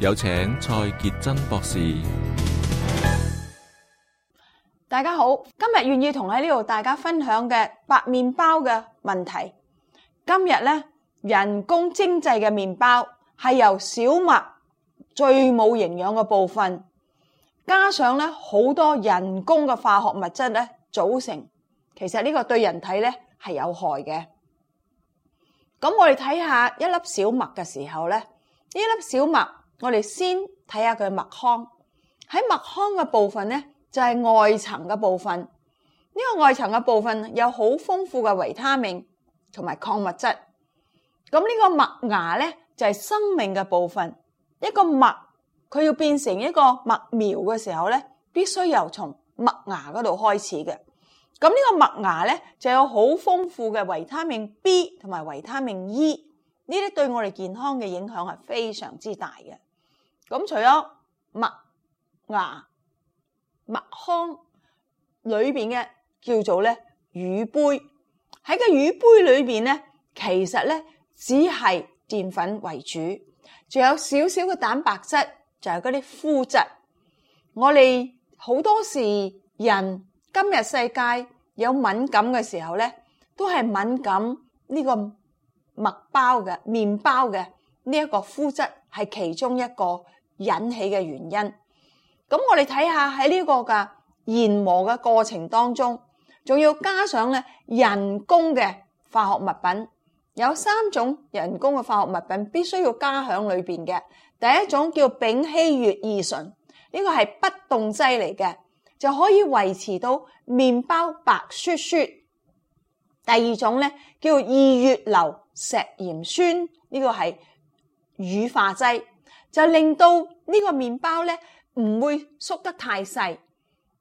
有請蔡杰真博士。大家好，今日願意同喺呢度大家分享嘅白麵包嘅問題。今日咧人工精製嘅麵包係由小麥最冇營養嘅部分，加上咧好多人工嘅化學物質咧組成。其實呢個對人體咧係有害嘅。咁我哋睇下一粒小麥嘅時候咧，呢粒小麥。我哋先睇下佢麥糠。喺麥糠嘅部分咧，就係外層嘅部分。呢個外層嘅部分有好豐富嘅維他命同埋礦物質。咁呢個麥芽咧就係生命嘅部分。一個麥佢要變成一個麥苗嘅時候咧，必須由從麥芽嗰度開始嘅。咁呢個麥芽咧就有好豐富嘅維他命 B 同埋維他命 E，呢啲對我哋健康嘅影響係非常之大嘅。咁除咗麥芽、麥糠裏邊嘅叫做咧乳杯，喺個乳杯裏邊咧，其實咧只係澱粉為主，仲有少少嘅蛋白質，就係嗰啲麩質。我哋好多時人今日世界有敏感嘅時候咧，都係敏感呢個麥包嘅麵包嘅呢一個麩質，係其中一個引起嘅原因，咁我哋睇下喺呢個嘅研磨嘅過程當中，仲要加上咧人工嘅化學物品，有三種人工嘅化學物品必須要加響裏邊嘅。第一種叫丙烯乙二醇，呢個係不凍劑嚟嘅，就可以維持到麵包白雪雪。第二種咧叫二月流石鹽酸，呢個係乳化劑。就令到呢個麵包咧唔會縮得太細。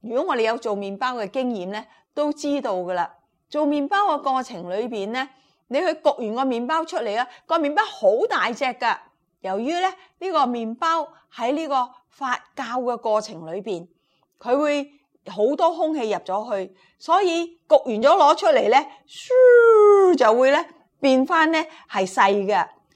如果我哋有做麵包嘅經驗咧，都知道噶啦。做麵包嘅過程裏邊咧，你去焗完個麵包出嚟啊，個麵包好大隻噶。由於咧呢個麵包喺呢個發酵嘅過程裏邊，佢會好多空氣入咗去，所以焗完咗攞出嚟咧，就會咧變翻咧係細嘅。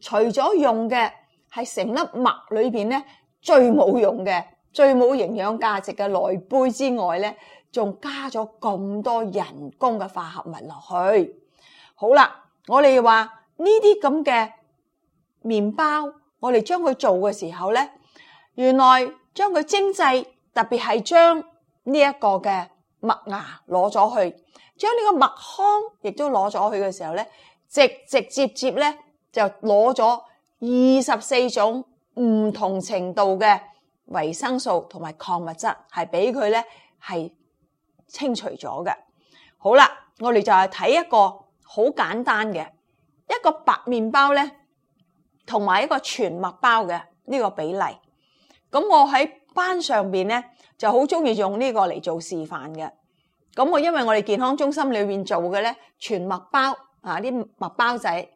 除咗用嘅係成粒麥裏邊咧最冇用嘅，最冇營養價值嘅內胚之外咧，仲加咗咁多人工嘅化合物落去。好啦，我哋話呢啲咁嘅麵包，我哋將佢做嘅時候咧，原來將佢精製，特別係將呢一個嘅麥芽攞咗去，將呢個麥糠亦都攞咗去嘅時候咧，直直接接咧。就攞咗二十四種唔同程度嘅維生素同埋礦物質，係俾佢咧係清除咗嘅。好啦，我哋就係睇一個好簡單嘅一個白麵包咧，同埋一個全麥包嘅呢個比例。咁我喺班上邊咧就好中意用呢個嚟做示範嘅。咁我因為我哋健康中心裏面做嘅咧全麥包啊啲麥包仔。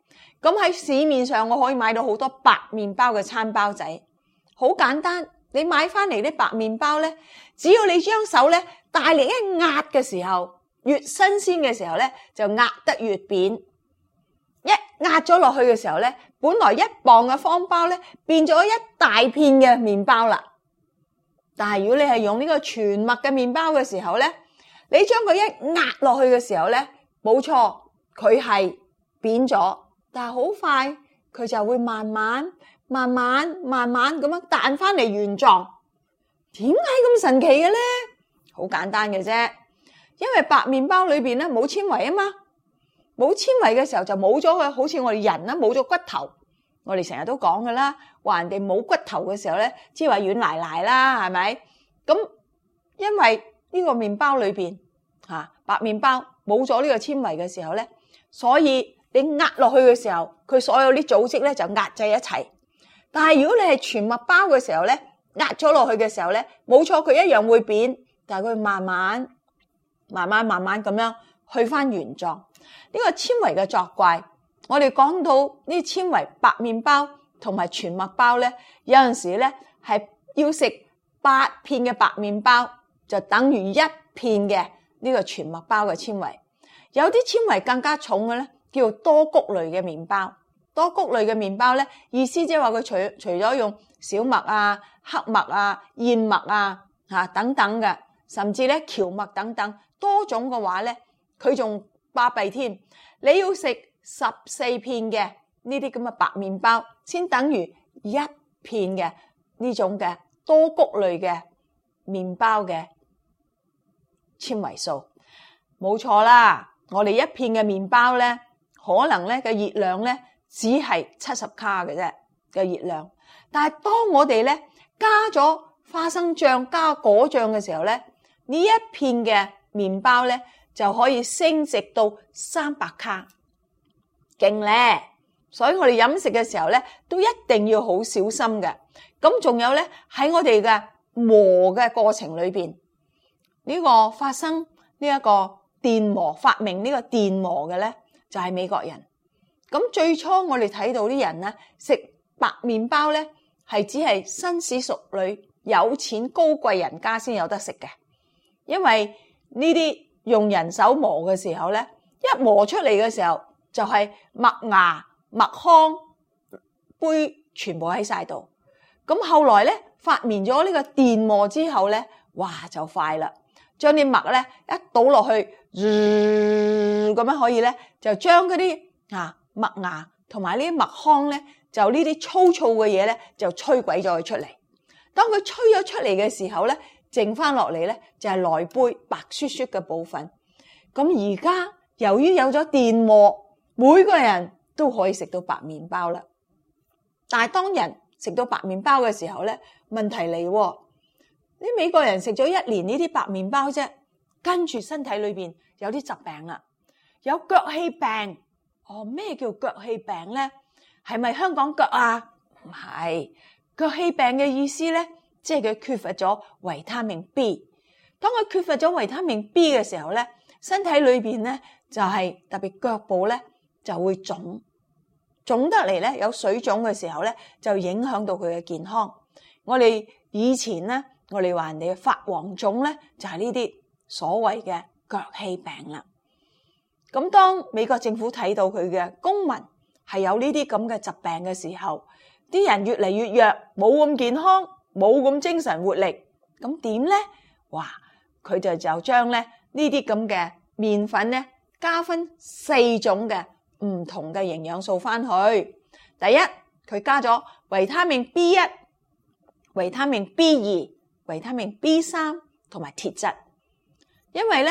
咁喺市面上，我可以買到好多白麵包嘅餐包仔，好簡單。你買翻嚟啲白麵包呢，只要你將手呢大力一壓嘅時候，越新鮮嘅時候呢，就壓得越扁。一壓咗落去嘅時候呢，本來一磅嘅方包呢，變咗一大片嘅麵包啦。但係如果你係用呢個全麥嘅麵包嘅時候呢，你將佢一壓落去嘅時候呢，冇錯，佢係扁咗。但係好快，佢就會慢慢、慢慢、慢慢咁樣彈翻嚟原狀。點解咁神奇嘅咧？好簡單嘅啫，因為白麵包裏邊咧冇纖維啊嘛，冇纖維嘅時候就冇咗佢，好似我哋人咧冇咗骨頭，我哋成日都講㗎啦，話人哋冇骨頭嘅時候咧，即係話軟泥泥啦，係咪？咁因為呢個麵包裏邊吓白麵包冇咗呢個纖維嘅時候咧，所以。你壓落去嘅時候，佢所有啲組織咧就壓制一齊。但係如果你係全麥包嘅時候咧，壓咗落去嘅時候咧，冇錯佢一樣會變，但係佢慢慢、慢慢、慢慢咁樣去翻原狀。呢個纖維嘅作怪，我哋講到呢，纖維白麵包同埋全麥包咧，有陣時咧係要食八片嘅白麵包就等於一片嘅呢個全麥包嘅纖維。有啲纖維更加重嘅咧。叫做多穀類嘅麵包，多穀類嘅麵包咧，意思即係話佢除除咗用小麥啊、黑麥啊、燕麥啊、吓等等嘅，甚至咧蕎麥等等多種嘅話咧，佢仲巴閉添。你要食十四片嘅呢啲咁嘅白麵包，先等於一片嘅呢種嘅多穀類嘅麵包嘅纖維素，冇錯啦。我哋一片嘅麵包咧，可能咧嘅熱量咧只係七十卡嘅啫嘅熱量，但係當我哋咧加咗花生醬加果醬嘅時候咧，呢一片嘅麵包咧就可以升值到三百卡，勁咧！所以我哋飲食嘅時候咧都一定要好小心嘅。咁仲有咧喺我哋嘅磨嘅過程裏邊，呢個發生呢一個電磨發明呢個電磨嘅咧。就係美國人，咁最初我哋睇到啲人咧食白麵包咧，係只係紳士淑女、有錢高貴人家先有得食嘅，因為呢啲用人手磨嘅時候咧，一磨出嚟嘅時候就係麥芽、麥糠、胚全部喺晒度。咁後來咧發明咗呢個電磨之後咧，哇就快啦，將啲麥咧一倒落去。咁樣可以咧，就將嗰啲啊麥芽同埋呢啲麥糠咧，就呢啲粗糙嘅嘢咧，就吹鬼咗佢出嚟。當佢吹咗出嚟嘅時候咧，剩翻落嚟咧就係內胚白雪雪嘅部分。咁而家由於有咗電磨，每個人都可以食到白麵包啦。但係當人食到白麵包嘅時候咧，問題嚟，你美國人食咗一年呢啲白麵包啫，跟住身體裏邊。有啲疾病啦、啊，有腳氣病。哦，咩叫腳氣病咧？係咪香港腳啊？唔係，腳氣病嘅意思咧，即係佢缺乏咗維他命 B。當佢缺乏咗維他命 B 嘅時候咧，身體裏邊咧就係、是、特別腳部咧就會腫，腫得嚟咧有水腫嘅時候咧就影響到佢嘅健康。我哋以前咧，我哋話人哋發黃腫咧，就係呢啲所謂嘅。腳氣病啦。咁當美國政府睇到佢嘅公民係有呢啲咁嘅疾病嘅時候，啲人越嚟越弱，冇咁健康，冇咁精神活力，咁點呢？哇！佢就就將咧呢啲咁嘅麵粉呢，加分四種嘅唔同嘅營養素返去。第一，佢加咗維他命 B1、維他命 B2、維他命 B3 同埋鐵質，因為呢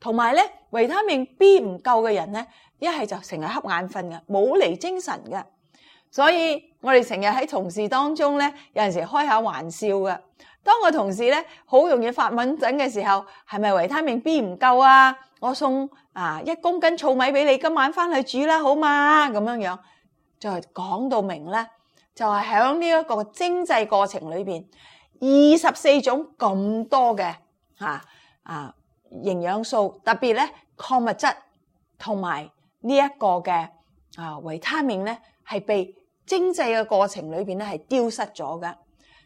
同埋咧，維他命 B 唔夠嘅人咧，一係就成日瞌眼瞓嘅，冇嚟精神嘅。所以我哋成日喺同事當中咧，有陣時開下玩笑嘅。當個同事咧，好容易發敏疹嘅時候，係咪維他命 B 唔夠啊？我送啊一公斤糙米俾你，今晚翻去煮啦，好嘛？咁樣樣，就係講到明咧，就係喺呢一個精製過程裏邊，二十四種咁多嘅嚇啊。營養素特別咧礦物質同埋呢一個嘅啊維他命咧，係被精製嘅過程裏邊咧係丟失咗㗎。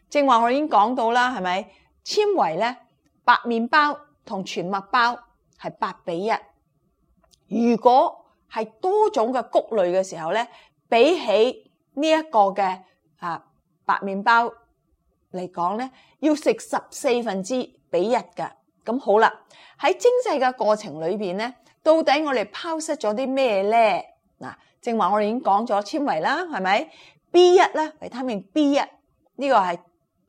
正話我已經講到啦，係咪？纖維咧，白麵包同全麥包係八比一。如果係多種嘅谷類嘅時候咧，比起呢一個嘅啊白麵包嚟講咧，要食十四分之比一㗎。咁好啦，喺精製嘅過程裏面咧，到底我哋拋失咗啲咩咧？嗱，正話我哋已經講咗纖維啦，係咪？B 一咧，維他命 B 一呢個係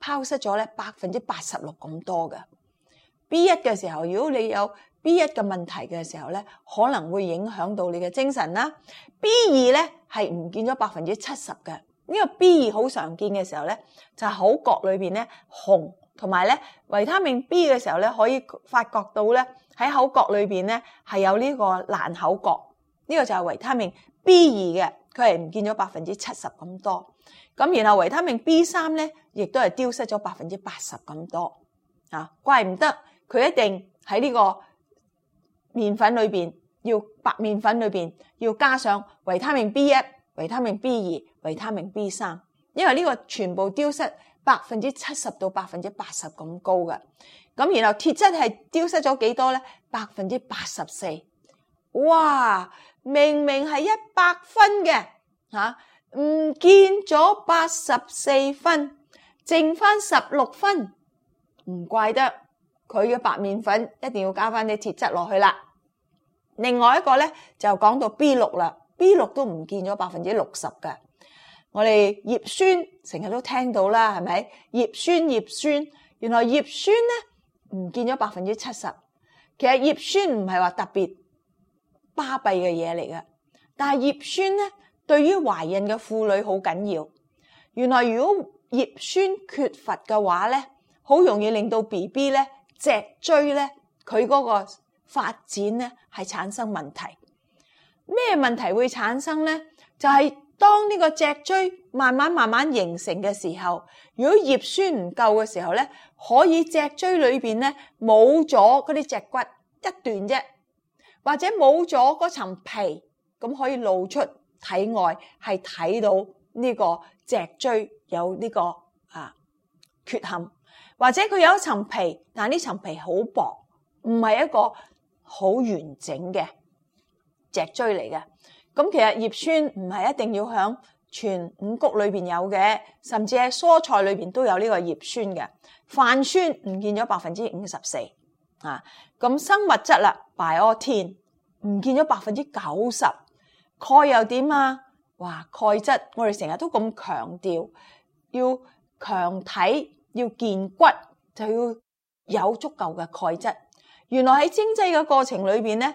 拋失咗咧百分之八十六咁多嘅。B 一嘅時候，如果你有 B 一嘅問題嘅時候咧，可能會影響到你嘅精神啦。B 二咧係唔見咗百分之七十嘅，呢個 B 二好常見嘅時候咧，就係、是、口角裏面咧紅。同埋咧，維他命 B 嘅時候咧，可以發覺到咧，喺口角裏面咧係有呢個爛口角，呢個就係維他命 B 二嘅，佢係唔見咗百分之七十咁多。咁然後維他命 B 三咧，亦都係丟失咗百分之八十咁多。啊，怪唔得佢一定喺呢個麵粉裏面，要白麵粉裏面，要加上維他命 B 一、維他命 B 二、維他命 B 三，因為呢個全部丟失。百分之七十到百分之八十咁高嘅，咁然後鐵質係丟失咗幾多咧？百分之八十四，哇！明明係一百分嘅，吓唔見咗八十四分，剩翻十六分，唔怪得佢嘅白麵粉一定要加翻啲鐵質落去啦。另外一個咧就講到 B 六啦，B 六都唔見咗百分之六十嘅。我哋葉酸成日都聽到啦，係咪？葉酸葉酸，原來葉酸咧唔見咗百分之七十。其實葉酸唔係話特別巴閉嘅嘢嚟嘅，但係葉酸咧對於懷孕嘅婦女好緊要。原來如果葉酸缺乏嘅話咧，好容易令到 B B 咧脊椎咧佢嗰個發展咧係產生問題。咩問題會產生咧？就係、是。嗯當呢個脊椎慢慢慢慢形成嘅時候，如果葉酸唔夠嘅時候咧，可以脊椎裏邊咧冇咗嗰啲脊骨一段啫，或者冇咗嗰層皮，咁可以露出體外，係睇到呢個脊椎有呢個啊缺陷，或者佢有一層皮，但呢層皮好薄，唔係一個好完整嘅脊椎嚟嘅。咁其實葉酸唔係一定要喺全五穀裏邊有嘅，甚至係蔬菜裏邊都有呢個葉酸嘅。泛酸唔見咗百分之五十四啊！咁生物質啦，biotin 唔見咗百分之九十。鈣又點啊？哇！鈣質我哋成日都咁強調，要強體，要健骨，就要有足夠嘅鈣質。原來喺精製嘅過程裏邊咧。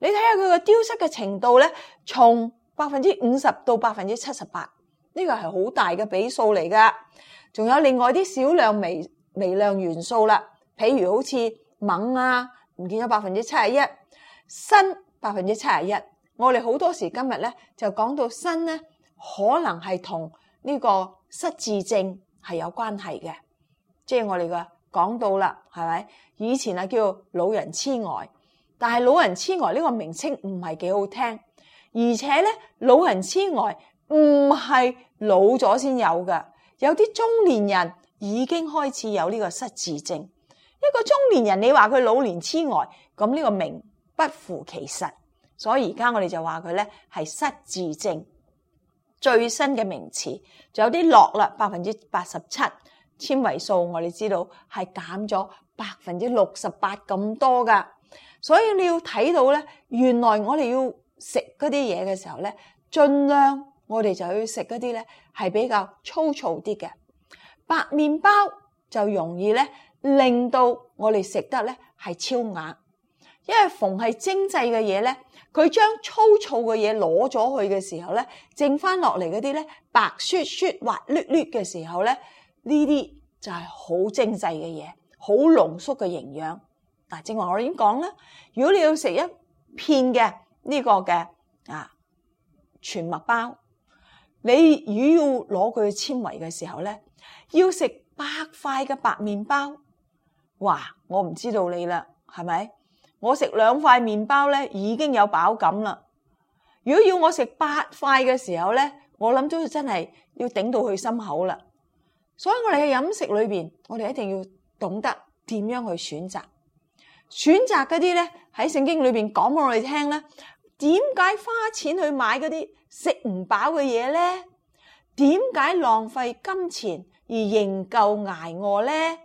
你睇下佢個丟失嘅程度咧，從百分之五十到百分之七十八，呢個係好大嘅比數嚟噶。仲有另外啲少量微微量元素啦，譬如好似錳啊，唔見咗百分之七十一；鋅百分之七十一。我哋好多時今日咧就講到鋅咧，可能係同呢個失智症係有關係嘅，即係我哋個講到啦，係咪？以前啊叫老人痴呆。但係老人痴呆呢個名稱唔係幾好聽，而且咧老人痴呆唔係老咗先有嘅，有啲中年人已經開始有呢個失智症。一個中年人你話佢老年痴呆，咁呢個名不符其實，所以而家我哋就話佢咧係失智症最新嘅名詞，仲有啲落啦，百分之八十七纖維數，我哋知道係減咗。百分之六十八咁多噶，所以你要睇到咧，原來我哋要食嗰啲嘢嘅時候咧，盡量我哋就要食嗰啲咧係比較粗糙啲嘅白麵包，就容易咧令到我哋食得咧係超額，因為逢係精製嘅嘢咧，佢將粗糙嘅嘢攞咗去嘅時候咧，剩翻落嚟嗰啲咧白雪雪滑捋捋嘅時候咧，呢啲就係好精製嘅嘢。好濃縮嘅營養，嗱，正話我已經講啦。如果你要食一片嘅呢個嘅啊全麥包，你如果要攞佢嘅纖維嘅時候咧，要食八塊嘅白麵包，哇！我唔知道你啦，係咪？我食兩塊麵包咧已經有飽感啦。如果要我食八塊嘅時候咧，我諗都真係要頂到佢心口啦。所以我哋嘅飲食裏邊，我哋一定要。懂得點樣去選擇，選擇嗰啲咧，喺聖經裏邊講俾我哋聽咧，點解花錢去買嗰啲食唔飽嘅嘢咧？點解浪費金錢而仍舊挨餓咧？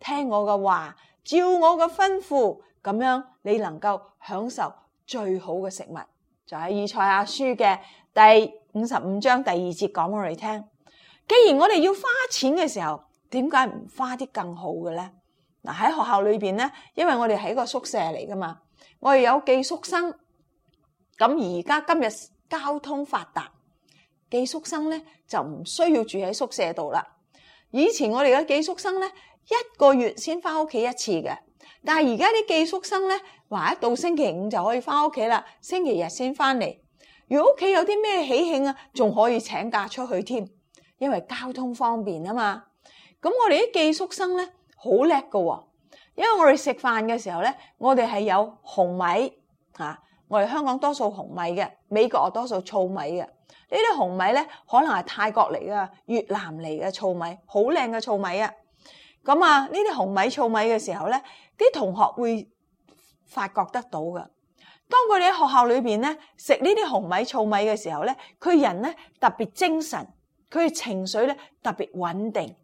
聽我嘅話，照我嘅吩咐咁樣，你能夠享受最好嘅食物，就係、是《以賽亞書》嘅第五十五章第二節講俾我哋聽。既然我哋要花錢嘅時候，點解唔花啲更好嘅咧？嗱喺學校裏邊咧，因為我哋係一個宿舍嚟噶嘛，我哋有寄宿生。咁而家今日交通發達，寄宿生咧就唔需要住喺宿舍度啦。以前我哋嘅寄宿生咧，一個月先翻屋企一次嘅。但係而家啲寄宿生咧，話一到星期五就可以翻屋企啦，星期日先翻嚟。如果屋企有啲咩喜慶啊，仲可以請假出去添，因為交通方便啊嘛。咁我哋啲寄宿生咧好叻噶，因為我哋食飯嘅時候咧，我哋係有紅米吓，我哋香港多數紅米嘅，美國啊多數糙米嘅。呢啲紅米咧可能係泰國嚟嘅，越南嚟嘅糙米，好靚嘅糙米啊！咁啊，呢啲紅米糙米嘅時候咧，啲同學會發覺得到嘅。當佢哋喺學校裏邊咧食呢啲紅米糙米嘅時候咧，佢人咧特別精神，佢嘅情緒咧特別穩定。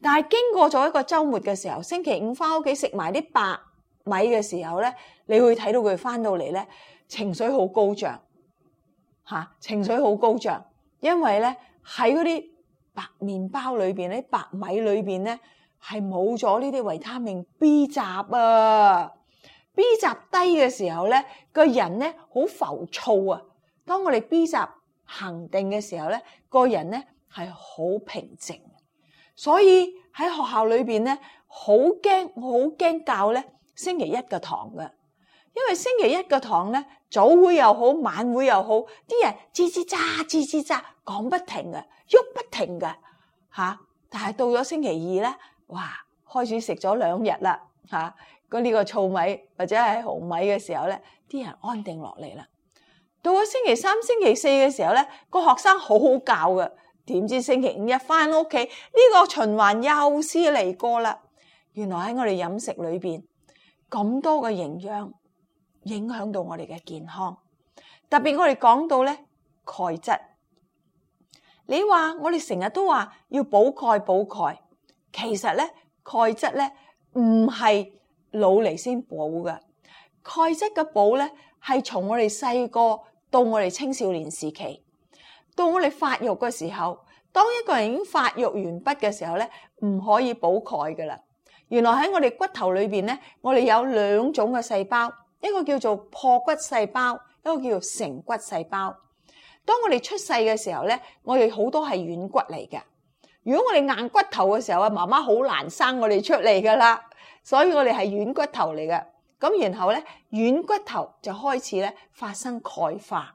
但係經過咗一個周末嘅時候，星期五返屋企食埋啲白米嘅時候咧，你會睇到佢返到嚟咧，情緒好高漲，吓、情緒好高漲，因為咧喺嗰啲白麵包裏邊、啲白米裏邊咧，係冇咗呢啲維他命 B 雜啊。B 雜低嘅時候咧，個人咧好浮躁啊。當我哋 B 雜恆定嘅時候咧，個人咧係好平靜。所以喺學校裏邊咧，好驚，我好驚教咧星期一嘅堂㗎！因為星期一嘅堂咧，早會又好，晚會又好，啲人吱吱喳、吱吱喳講不停㗎，喐不停㗎！吓、啊！但係到咗星期二咧，哇，開始食咗兩日啦，吓、啊！呢個糙米或者係紅米嘅時候咧，啲人安定落嚟啦。到咗星期三、星期四嘅時候咧，個學生好好教㗎。點知星期五日翻屋企，呢個循環又試嚟過啦。原來喺我哋飲食裏邊咁多嘅營養，影響到我哋嘅健康。特別我哋講到咧，鈣質。你話我哋成日都話要補鈣補鈣，其實咧鈣質咧唔係老嚟先補嘅，鈣質嘅補咧係從我哋細個到我哋青少年時期。到我哋發育嘅時候，當一個人已經發育完畢嘅時候咧，唔可以補鈣噶啦。原來喺我哋骨頭裏邊咧，我哋有兩種嘅細胞，一個叫做破骨細胞，一個叫做成骨細胞。當我哋出世嘅時候咧，我哋好多係軟骨嚟嘅。如果我哋硬骨頭嘅時候啊，媽媽好難生我哋出嚟噶啦。所以我哋係軟骨頭嚟嘅。咁然後咧，軟骨頭就開始咧發生鈣化。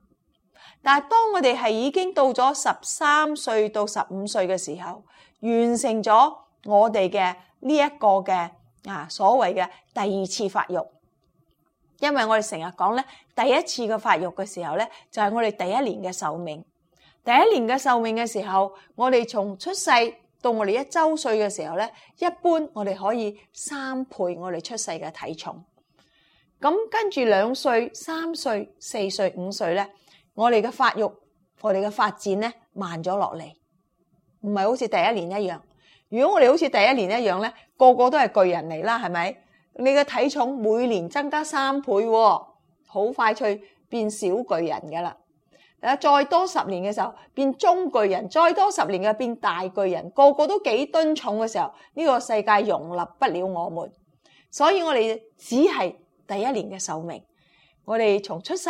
但係，當我哋係已經到咗十三歲到十五歲嘅時候，完成咗我哋嘅呢一個嘅啊所謂嘅第二次發育。因為我哋成日講咧，第一次嘅發育嘅時候咧，就係我哋第一年嘅壽命。第一年嘅壽命嘅時候，我哋從出世到我哋一周歲嘅時候咧，一般我哋可以三倍我哋出世嘅體重。咁跟住兩歲、三歲、四歲、五歲咧。我哋嘅發育，我哋嘅發展咧慢咗落嚟，唔係好似第一年一樣。如果我哋好似第一年一樣咧，個個都係巨人嚟啦，係咪？你嘅體重每年增加三倍，好快脆變小巨人噶啦。啊，再多十年嘅時候變中巨人，再多十年嘅變大巨人，個個都幾噸重嘅時候，呢個世界容納不了我們，所以我哋只係第一年嘅壽命。我哋從出世。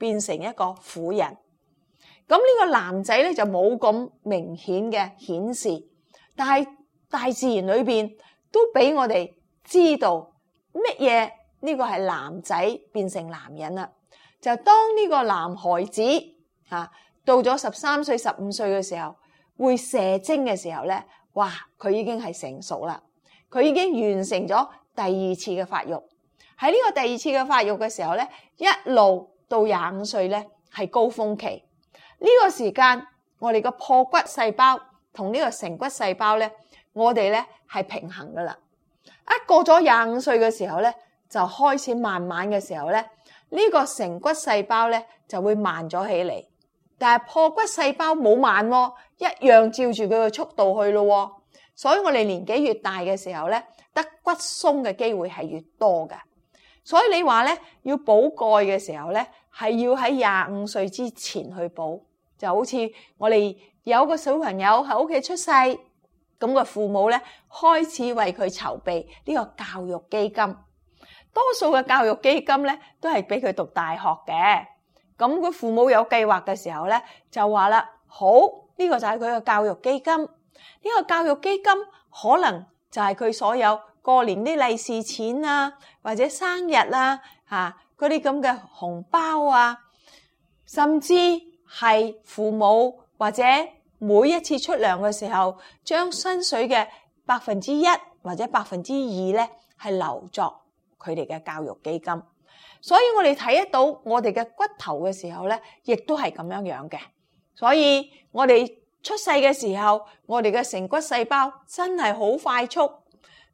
變成一個婦人，咁呢個男仔咧就冇咁明顯嘅顯示，但係大自然裏面都俾我哋知道乜嘢呢個係男仔變成男人啦。就當呢個男孩子啊到咗十三歲、十五歲嘅時候，會射精嘅時候咧，哇！佢已經係成熟啦，佢已經完成咗第二次嘅發育。喺呢個第二次嘅發育嘅時候咧，一路，到廿五歲咧係高峰期，呢個時間我哋個破骨細胞同呢個成骨細胞咧，我哋咧係平衡噶啦。一過咗廿五歲嘅時候咧，就開始慢慢嘅時候咧，呢個成骨細胞咧就會慢咗起嚟，但係破骨細胞冇慢喎，一樣照住佢嘅速度去咯。所以我哋年紀越大嘅時候咧，得骨鬆嘅機會係越多嘅。所以你話咧，要補鈣嘅時候咧，係要喺廿五歲之前去補，就好似我哋有個小朋友喺屋企出世，咁個父母咧開始為佢籌備呢個教育基金。多數嘅教育基金咧，都係俾佢讀大學嘅。咁佢父母有計劃嘅時候咧，就話啦，好，呢個就係佢嘅教育基金。呢個教育基金可能就係佢所有。過年啲利是錢啊，或者生日啊，吓嗰啲咁嘅紅包啊，甚至係父母或者每一次出糧嘅時候，將薪水嘅百分之一或者百分之二咧，係留作佢哋嘅教育基金。所以我哋睇得到我哋嘅骨頭嘅時候咧，亦都係咁樣樣嘅。所以我哋出世嘅時候，我哋嘅成骨細胞真係好快速。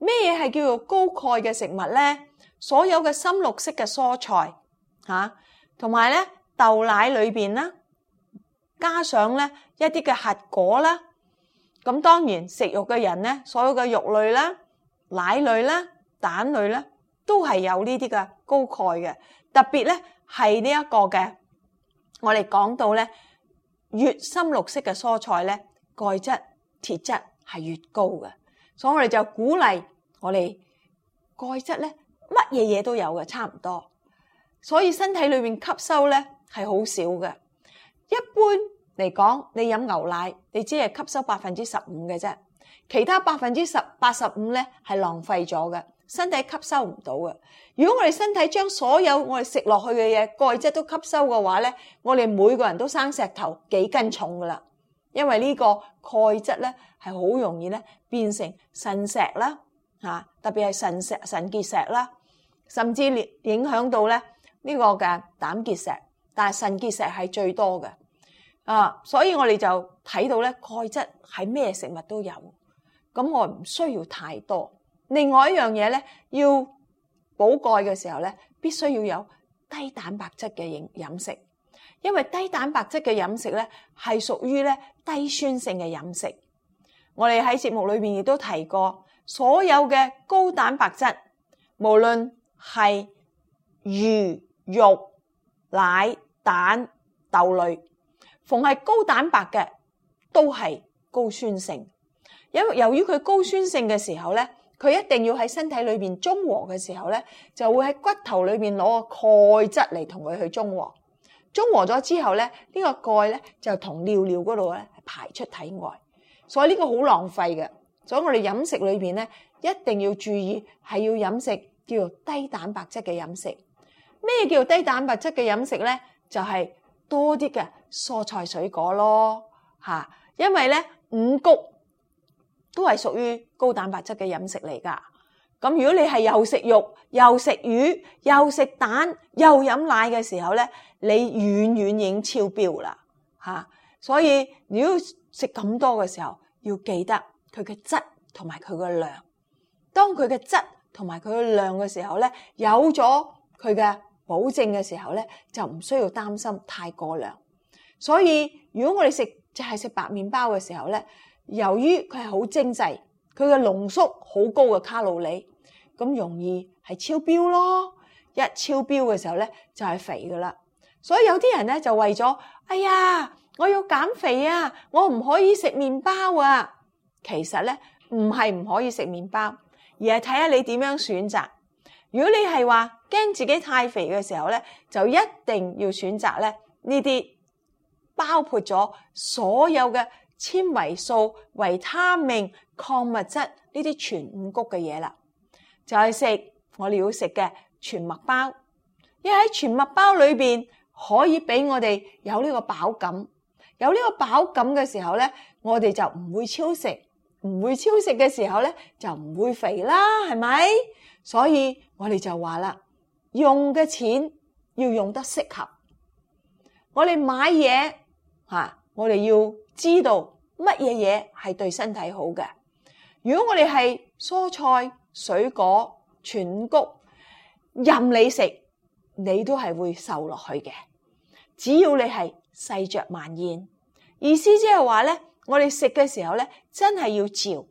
咩嘢係叫做高鈣嘅食物咧？所有嘅深綠色嘅蔬菜吓，同埋咧豆奶裏邊啦，加上咧一啲嘅核果啦。咁當然食肉嘅人咧，所有嘅肉類啦、奶類啦、蛋類咧，都係有呢啲嘅高鈣嘅。特別咧係呢一個嘅，我哋講到咧越深綠色嘅蔬菜咧，鈣質、鐵質係越高嘅。所以我哋就鼓勵我哋鈣質咧，乜嘢嘢都有嘅，差唔多。所以身體裏面吸收咧係好少嘅。一般嚟講，你飲牛奶，你只係吸收百分之十五嘅啫，其他百分之十八十五咧係浪費咗嘅，身體吸收唔到嘅。如果我哋身體將所有我哋食落去嘅嘢鈣質都吸收嘅話咧，我哋每個人都生石頭幾斤重㗎喇。因為呢個鈣質咧係好容易咧變成腎石啦，吓特別係腎石、腎結石啦，甚至影響到咧呢個嘅膽結石。但係腎結石係最多嘅，啊，所以我哋就睇到咧鈣質係咩食物都有，咁我唔需要太多。另外一樣嘢咧，要補鈣嘅時候咧，必須要有低蛋白質嘅飲飲食。因為低蛋白質嘅飲食咧，係屬於咧低酸性嘅飲食。我哋喺節目裏邊亦都提過，所有嘅高蛋白質，無論係魚肉、奶蛋、豆類，逢係高蛋白嘅都係高酸性。因為由於佢高酸性嘅時候咧，佢一定要喺身體裏邊中和嘅時候咧，就會喺骨頭裏邊攞個鈣質嚟同佢去中和。中和咗之後咧，呢個鈣咧就同尿尿嗰度咧排出體外，所以呢個好浪費嘅。所以我哋飲食裏邊咧一定要注意，係要飲食叫做低蛋白質嘅飲食。咩叫低蛋白質嘅飲食咧？就係多啲嘅蔬菜水果咯，嚇，因為咧五穀都係屬於高蛋白質嘅飲食嚟噶。咁如果你係又食肉又食魚又食蛋又飲奶嘅時候咧，你遠遠已經超標啦吓、啊！所以如果食咁多嘅時候，要記得佢嘅質同埋佢嘅量。當佢嘅質同埋佢嘅量嘅時候咧，有咗佢嘅保證嘅時候咧，就唔需要擔心太過量。所以如果我哋食就係、是、食白麵包嘅時候咧，由於佢係好精製。佢嘅濃縮好高嘅卡路里，咁容易係超標咯。一超標嘅時候咧，就係肥㗎喇。所以有啲人咧就為咗，哎呀，我要減肥啊，我唔可以食麵包啊。其實咧，唔係唔可以食麵包，而係睇下你點樣選擇。如果你係話驚自己太肥嘅時候咧，就一定要選擇咧呢啲，包括咗所有嘅纖維素、維他命。抗物質呢啲全五穀嘅嘢啦，就係食我哋要食嘅全麥包。因為喺全麥包裏面可以俾我哋有呢個飽感，有呢個飽感嘅時候咧，我哋就唔會超食，唔會超食嘅時候咧就唔會肥啦，係咪？所以我哋就話啦，用嘅錢要用得適合我啊。我哋買嘢我哋要知道乜嘢嘢係對身體好嘅。如果我哋係蔬菜、水果、全穀任你食，你都係會瘦落去嘅。只要你係細嚼慢嚥，意思即係話咧，我哋食嘅時候咧，真係要嚼。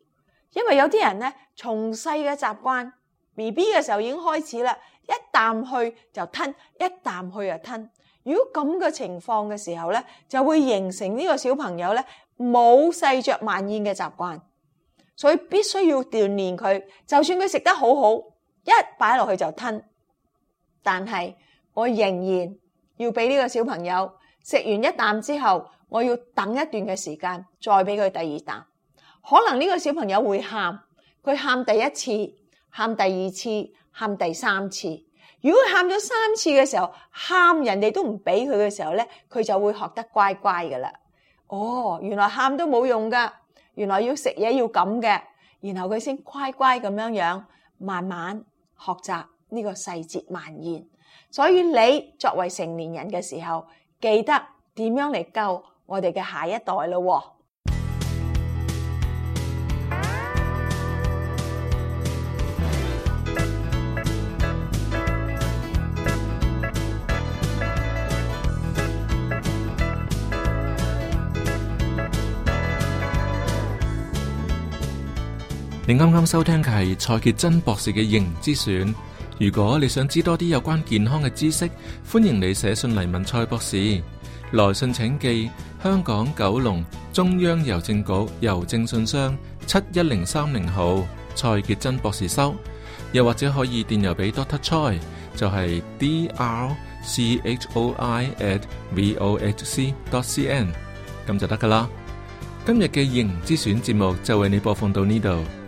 因為有啲人咧，從細嘅習慣，BB 嘅時候已經開始啦，一啖去就吞，一啖去就吞。如果咁嘅情況嘅時候咧，就會形成呢個小朋友咧冇細嚼慢嚥嘅習慣。所以必須要鍛煉佢，就算佢食得好好，一擺落去就吞。但係我仍然要俾呢個小朋友食完一啖之後，我要等一段嘅時間，再俾佢第二啖。可能呢個小朋友會喊，佢喊第一次，喊第二次，喊第三次。如果佢喊咗三次嘅時候，喊人哋都唔俾佢嘅時候咧，佢就會學得乖乖㗎啦。哦，原來喊都冇用噶。原來要食嘢，要咁嘅，然後佢先乖乖咁樣樣，慢慢學習呢個細節蔓延。所以你作為成年人嘅時候，記得點樣嚟救我哋嘅下一代咯。你啱啱收聽嘅係蔡潔真博士嘅營之選。如果你想知多啲有關健康嘅知識，歡迎你寫信嚟問蔡博士。來信請寄香港九龍中央郵政局郵政信箱七一零三零號蔡潔真博士收。又或者可以電郵俾 Dr. Choi 就係 d r c h o i at v o h c dot c n 咁就得噶啦。今日嘅營之選節目就為你播放到呢度。